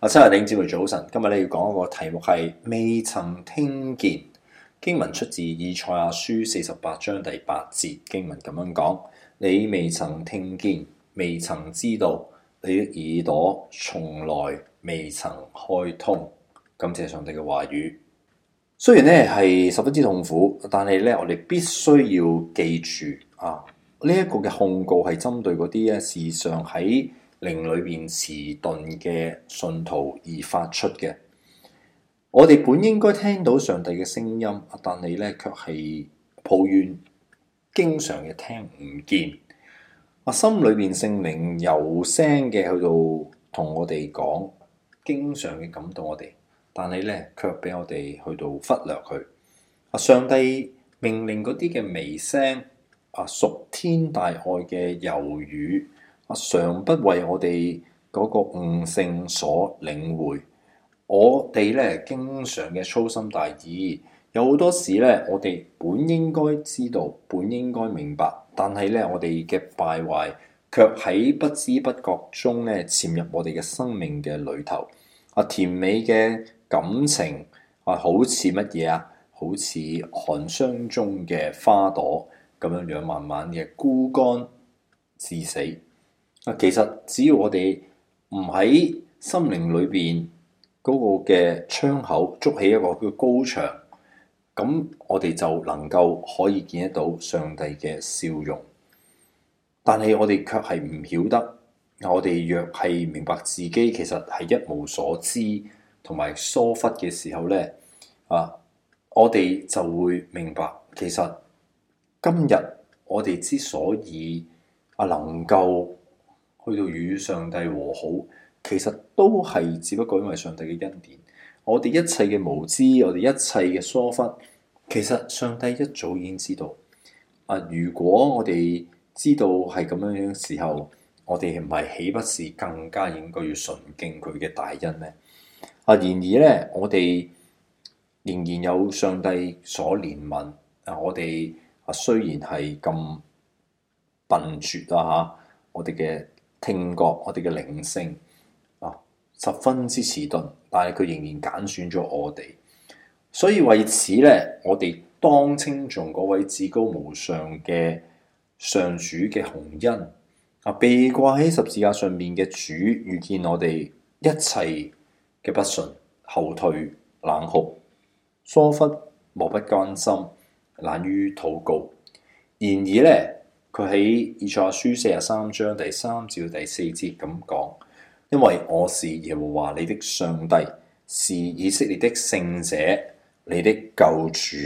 阿七日領旨嘅早晨，今日咧要講一個題目係未曾聽見。經文出自以賽亞書四十八章第八節經文咁樣講：你未曾聽見，未曾知道，你嘅耳朵從來未曾開通。感謝上帝嘅話語，雖然咧係十分之痛苦，但係咧我哋必須要記住啊，呢一個嘅控告係針對嗰啲咧時常喺。令裏邊遲鈍嘅信徒而發出嘅，我哋本應該聽到上帝嘅聲音，但你咧卻係抱怨經常嘅聽唔見。啊，心裏邊聖靈柔聲嘅去到同我哋講，經常嘅感動我哋，但你咧卻俾我哋去到忽略佢。啊，上帝命令嗰啲嘅微聲啊，屬天大愛嘅柔語，常不為我哋嗰個悟性所領會，我哋咧經常嘅粗心大意，有好多事咧，我哋本應該知道，本應該明白，但係咧我哋嘅敗壞，卻喺不知不覺中咧，潛入我哋嘅生命嘅裏頭。啊，甜美嘅感情啊，好似乜嘢啊？好似寒霜中嘅花朵咁樣樣，慢慢嘅枯乾至死。其實只要我哋唔喺心靈裏邊嗰個嘅窗口築起一個叫高牆，咁我哋就能夠可以見得到上帝嘅笑容。但係我哋卻係唔曉得，我哋若係明白自己其實係一無所知同埋疏忽嘅時候呢，啊，我哋就會明白其實今日我哋之所以啊能夠，去到與上帝和好，其實都係只不過因為上帝嘅恩典。我哋一切嘅無知，我哋一切嘅疏忽，其實上帝一早已經知道。啊，如果我哋知道係咁樣樣時候，我哋唔係豈不是更加應該要崇敬佢嘅大恩呢？啊，然而咧，我哋仍然有上帝所憐憫。啊，我哋啊，雖然係咁笨拙啦嚇，我哋嘅聽覺我哋嘅靈性啊，十分之遲鈍，但係佢仍然揀選咗我哋，所以為此咧，我哋當稱頌嗰位至高無上嘅上主嘅宏恩啊，被掛喺十字架上面嘅主預見我哋一切嘅不信、後退、冷酷、疏忽、漠不關心、懶於禱告，然而咧。佢喺以賽亞書四十三章第三至第四節咁講，因為我是耶和華你的上帝，是以色列的聖者，你的救主，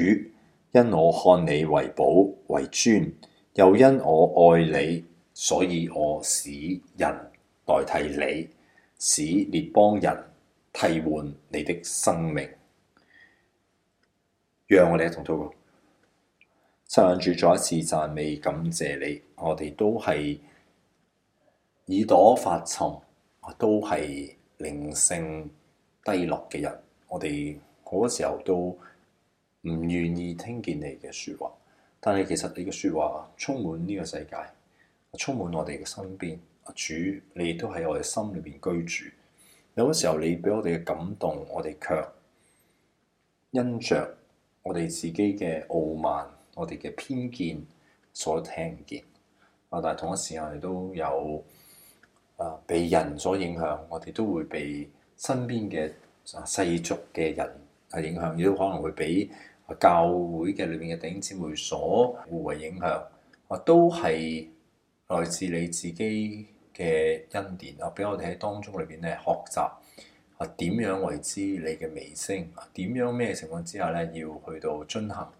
因我看你為寶為尊，又因我愛你，所以我使人代替你，使列邦人替換你的生命。讓我哋一同討論。撐住，再一次讚美感謝你。我哋都係耳朵發沉，都係靈性低落嘅人。我哋好多時候都唔願意聽見你嘅説話，但係其實你嘅説話充滿呢個世界，充滿我哋嘅身邊。主，你都喺我哋心裏邊居住。有嘅時候，你畀我哋嘅感動，我哋卻因着我哋自己嘅傲慢。我哋嘅偏見所聽見啊，但係同一時間，亦都有啊，被人所影響，我哋都會被身邊嘅世俗嘅人啊影響，亦都可能會被教會嘅裏面嘅弟兄姊妹所互為影響啊，都係來自你自己嘅恩典啊，俾我哋喺當中裏邊咧學習啊，點樣為之你嘅微聲，點樣咩情況之下咧要去到遵行。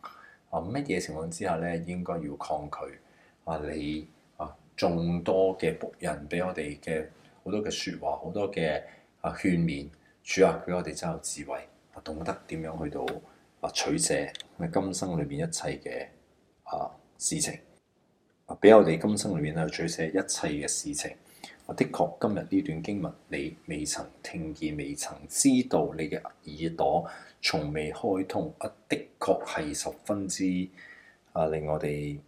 啊！乜嘢情況之下咧，應該要抗拒啊？你啊，眾多嘅僕人俾我哋嘅好多嘅説話，好多嘅啊勸勉，主啊俾我哋真有智慧，啊懂得點樣去到啊取捨喺今生裏面一切嘅啊事情，啊俾我哋今生裏面咧取捨一切嘅事情。的確今日呢段經文，你未曾聽見，未曾知道，你嘅耳朵從未開通。啊，的確係十分之啊，令我哋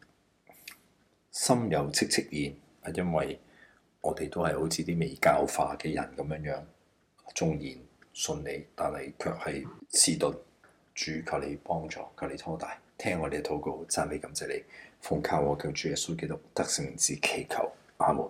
心有戚戚然。係、啊、因為我哋都係好似啲未教化嘅人咁樣樣，縱然信你，但係卻係遲鈍，主求你幫助，求你拖大，聽我哋嘅禱告，讚美感謝你，奉靠我救主耶穌基督得勝之祈求，阿門。